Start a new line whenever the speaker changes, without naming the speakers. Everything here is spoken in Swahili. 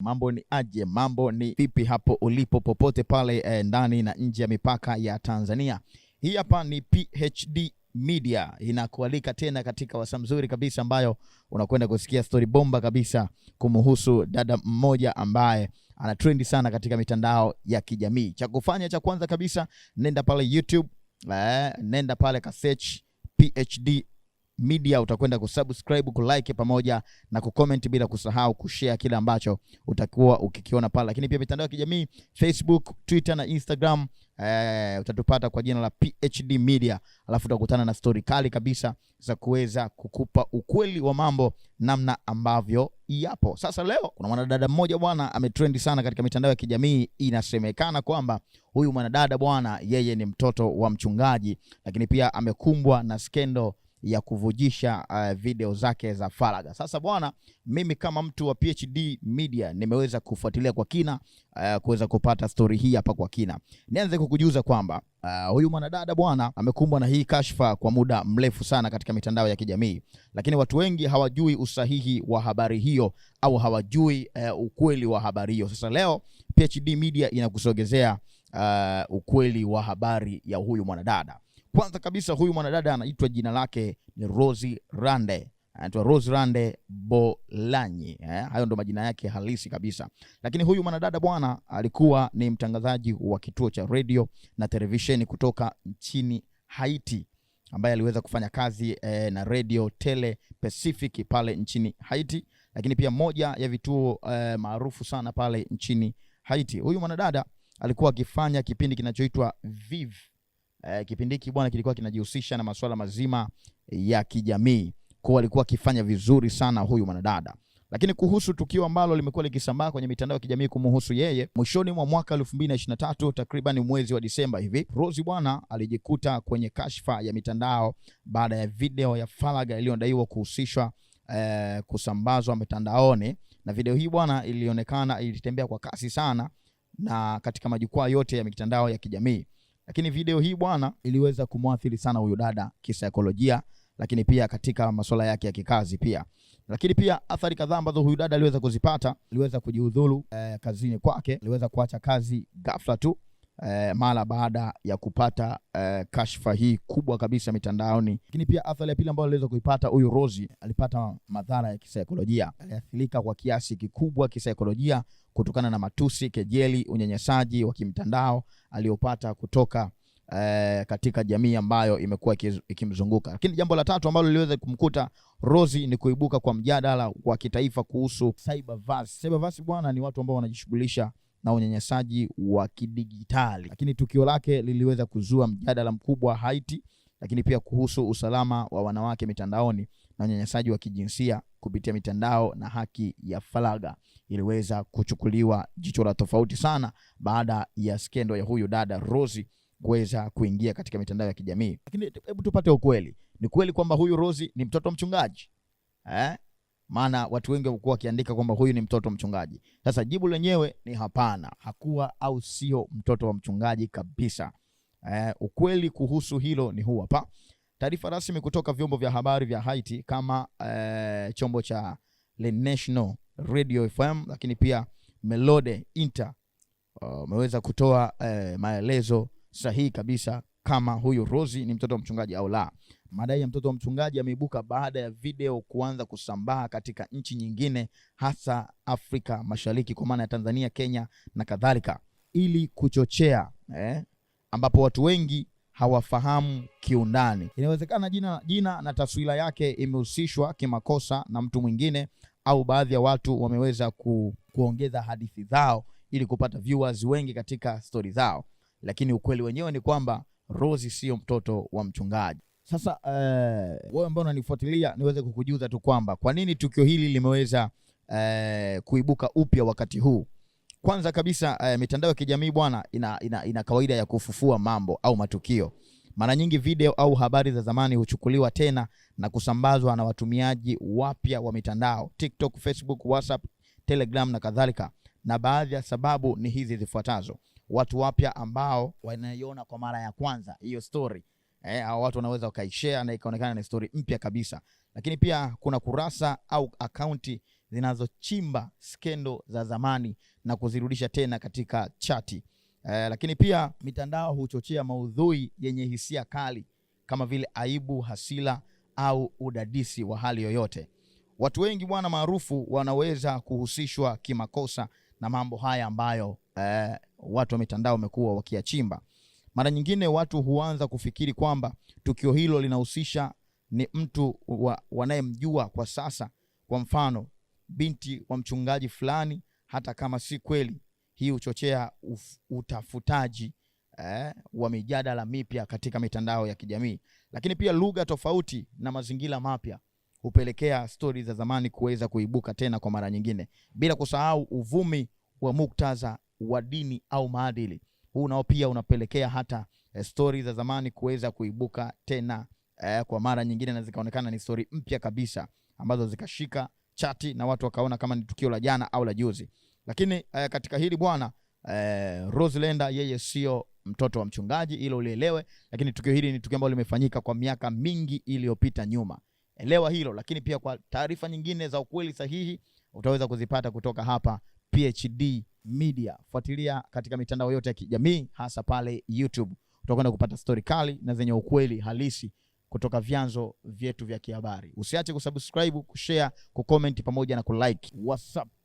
Mambo ni aje? Mambo ni vipi hapo ulipo popote pale eh, ndani na nje ya mipaka ya Tanzania. Hii hapa ni PHD Media inakualika tena katika wasa mzuri kabisa ambayo unakwenda kusikia stori bomba kabisa kumhusu dada mmoja ambaye ana trendi sana katika mitandao ya kijamii. Cha kufanya cha kwanza kabisa, nenda pale YouTube eh, nenda pale ka search PHD Media utakwenda kusubscribe, kulike pamoja na kucomment, bila kusahau kushare kile ambacho utakuwa ukikiona pale. Lakini pia mitandao ya kijamii Facebook, Twitter na Instagram eh, utatupata kwa jina la PHD Media, alafu utakutana na stori kali kabisa za kuweza kukupa ukweli wa mambo namna ambavyo yapo. Sasa leo kuna mwanadada mmoja bwana ametrendi sana katika mitandao ya kijamii. Inasemekana kwamba huyu mwanadada bwana, yeye ni mtoto wa mchungaji, lakini pia amekumbwa na skendo ya kuvujisha uh, video zake za faragha. Sasa bwana, mimi kama mtu wa PHD Media nimeweza kufuatilia kwa kina uh, kuweza kupata stori hii hapa kwa kina. Nianze kukujuza kwamba uh, huyu mwanadada bwana amekumbwa na hii kashfa kwa muda mrefu sana katika mitandao ya kijamii, lakini watu wengi hawajui usahihi wa habari hiyo au hawajui uh, ukweli wa habari hiyo. Sasa leo PHD Media inakusogezea uh, ukweli wa habari ya huyu mwanadada. Kwanza kabisa huyu mwanadada anaitwa jina lake ni Rose Rande, anaitwa Rose Rande Bolanyi eh, hayo ndo majina yake halisi kabisa. Lakini huyu mwanadada bwana alikuwa ni mtangazaji wa kituo cha redio na televisheni kutoka nchini Haiti ambaye aliweza kufanya kazi eh, na Radio Tele Pacific pale nchini Haiti, lakini pia moja ya vituo eh, maarufu sana pale nchini Haiti. Huyu mwanadada alikuwa akifanya kipindi kinachoitwa Vive eh, kipindi hiki bwana kilikuwa kinajihusisha na masuala mazima ya kijamii, kwa alikuwa akifanya vizuri sana huyu mwanadada. Lakini kuhusu tukio ambalo limekuwa likisambaa kwenye mitandao ya kijamii kumuhusu yeye, mwishoni mwa mwaka 2023 takriban mwezi wa Disemba hivi, Rose bwana alijikuta kwenye kashfa ya mitandao baada ya video ya faraga iliyodaiwa kuhusishwa eh, kusambazwa mitandaoni, na video hii bwana ilionekana ilitembea kwa kasi sana na katika majukwaa yote ya mitandao ya kijamii. Lakini video hii bwana, iliweza kumwathiri sana huyu dada kisaikolojia, lakini pia katika masuala yake ya kikazi pia. Lakini pia athari kadhaa ambazo huyu dada aliweza kuzipata, aliweza kujiudhuru eh, kazini kwake, aliweza kuacha kazi ghafla tu eh, mara baada ya kupata eh, kashfa hii kubwa kabisa mitandaoni. Lakini pia athari ya pili ambayo aliweza kuipata huyu Rozi, alipata madhara ya kisaikolojia, aliathirika kwa kiasi kikubwa kisaikolojia kutokana na matusi, kejeli, unyanyasaji wa kimtandao aliyopata kutoka eh, katika jamii ambayo imekuwa ikimzunguka. Lakini jambo la tatu ambalo liliweza kumkuta Rozi ni kuibuka kwa mjadala wa kitaifa kuhusu Cyberverse. Cyberverse bwana, ni watu ambao wanajishughulisha na unyanyasaji wa kidijitali, lakini tukio lake liliweza kuzua mjadala mkubwa Haiti, lakini pia kuhusu usalama wa wanawake mitandaoni na unyanyasaji wa kijinsia kupitia mitandao na haki ya faragha iliweza kuchukuliwa jicho la tofauti sana baada ya skendo ya huyu dada rosi kuweza kuingia katika mitandao ya kijamii. Lakini hebu tupate ukweli, ni kweli kwamba huyu rosi ni mtoto mchungaji eh? maana watu wengi walikuwa wakiandika kwamba huyu ni mtoto wa mchungaji. Sasa jibu lenyewe ni hapana, hakuwa au sio mtoto wa mchungaji kabisa. Eh, ukweli kuhusu hilo ni huu hapa. Taarifa rasmi kutoka vyombo vya habari vya Haiti kama eh, chombo cha Le National Radio FM, lakini pia Melode Inter eh, umeweza uh, kutoa eh, maelezo sahihi kabisa kama huyu Rozi ni mtoto wa mchungaji au la. Madai ya mtoto wa mchungaji yameibuka baada ya video kuanza kusambaa katika nchi nyingine, hasa Afrika Mashariki kwa maana ya Tanzania, Kenya na kadhalika, ili kuchochea eh, ambapo watu wengi hawafahamu kiundani. Inawezekana jina, jina na taswira yake imehusishwa kimakosa na mtu mwingine, au baadhi ya watu wameweza ku, kuongeza hadithi zao ili kupata viewers wengi katika stori zao, lakini ukweli wenyewe ni kwamba Rozi sio mtoto wa mchungaji. Sasa uh, wewe ambao unanifuatilia, niweze kukujuza tu kwamba kwa nini tukio hili limeweza uh, kuibuka upya wakati huu. Kwanza kabisa uh, mitandao ya kijamii bwana, ina, ina, ina kawaida ya kufufua mambo au matukio. Mara nyingi video au habari za zamani huchukuliwa tena na kusambazwa na watumiaji wapya wa mitandao TikTok, Facebook, WhatsApp, Telegram na kadhalika, na baadhi ya sababu ni hizi zifuatazo watu wapya ambao wanaiona kwa mara ya kwanza hiyo story eh, au watu wanaweza wakaishare na ikaonekana ni story mpya kabisa. Lakini pia kuna kurasa au akaunti zinazochimba skendo za zamani na kuzirudisha tena katika chati eh, lakini pia mitandao huchochea maudhui yenye hisia kali kama vile aibu, hasila au udadisi wa hali yoyote. Watu wengi bwana maarufu wanaweza kuhusishwa kimakosa na mambo haya ambayo eh, watu wa mitandao wamekuwa wakiachimba. Mara nyingine watu huanza kufikiri kwamba tukio hilo linahusisha ni mtu wa, wanayemjua kwa sasa, kwa mfano binti wa mchungaji fulani, hata kama si kweli. Hii huchochea utafutaji eh, wa mijadala mipya katika mitandao ya kijamii. Lakini pia lugha tofauti na mazingira mapya hupelekea stori za zamani kuweza kuibuka tena kwa mara nyingine, bila kusahau uvumi wa muktadha wa dini au maadili. Huu nao pia unapelekea hata eh, stori za zamani kuweza kuibuka tena eh, kwa mara nyingine na zikaonekana ni stori mpya kabisa ambazo zikashika chati na watu wakaona kama ni tukio la jana au la juzi. Lakini eh, katika hili bwana eh, Roselenda yeye sio mtoto wa mchungaji, ilo ulielewe. Lakini tukio hili ni tukio ambalo limefanyika kwa miaka mingi iliyopita nyuma, elewa hilo. Lakini pia kwa taarifa nyingine za ukweli sahihi utaweza kuzipata kutoka hapa PhD Media. Fuatilia katika mitandao yote ya kijamii hasa pale YouTube. Utakwenda kupata stori kali na zenye ukweli halisi kutoka vyanzo vyetu vya kihabari. Usiache kusubscribe, kushare, kucomment pamoja na kulike. What's up?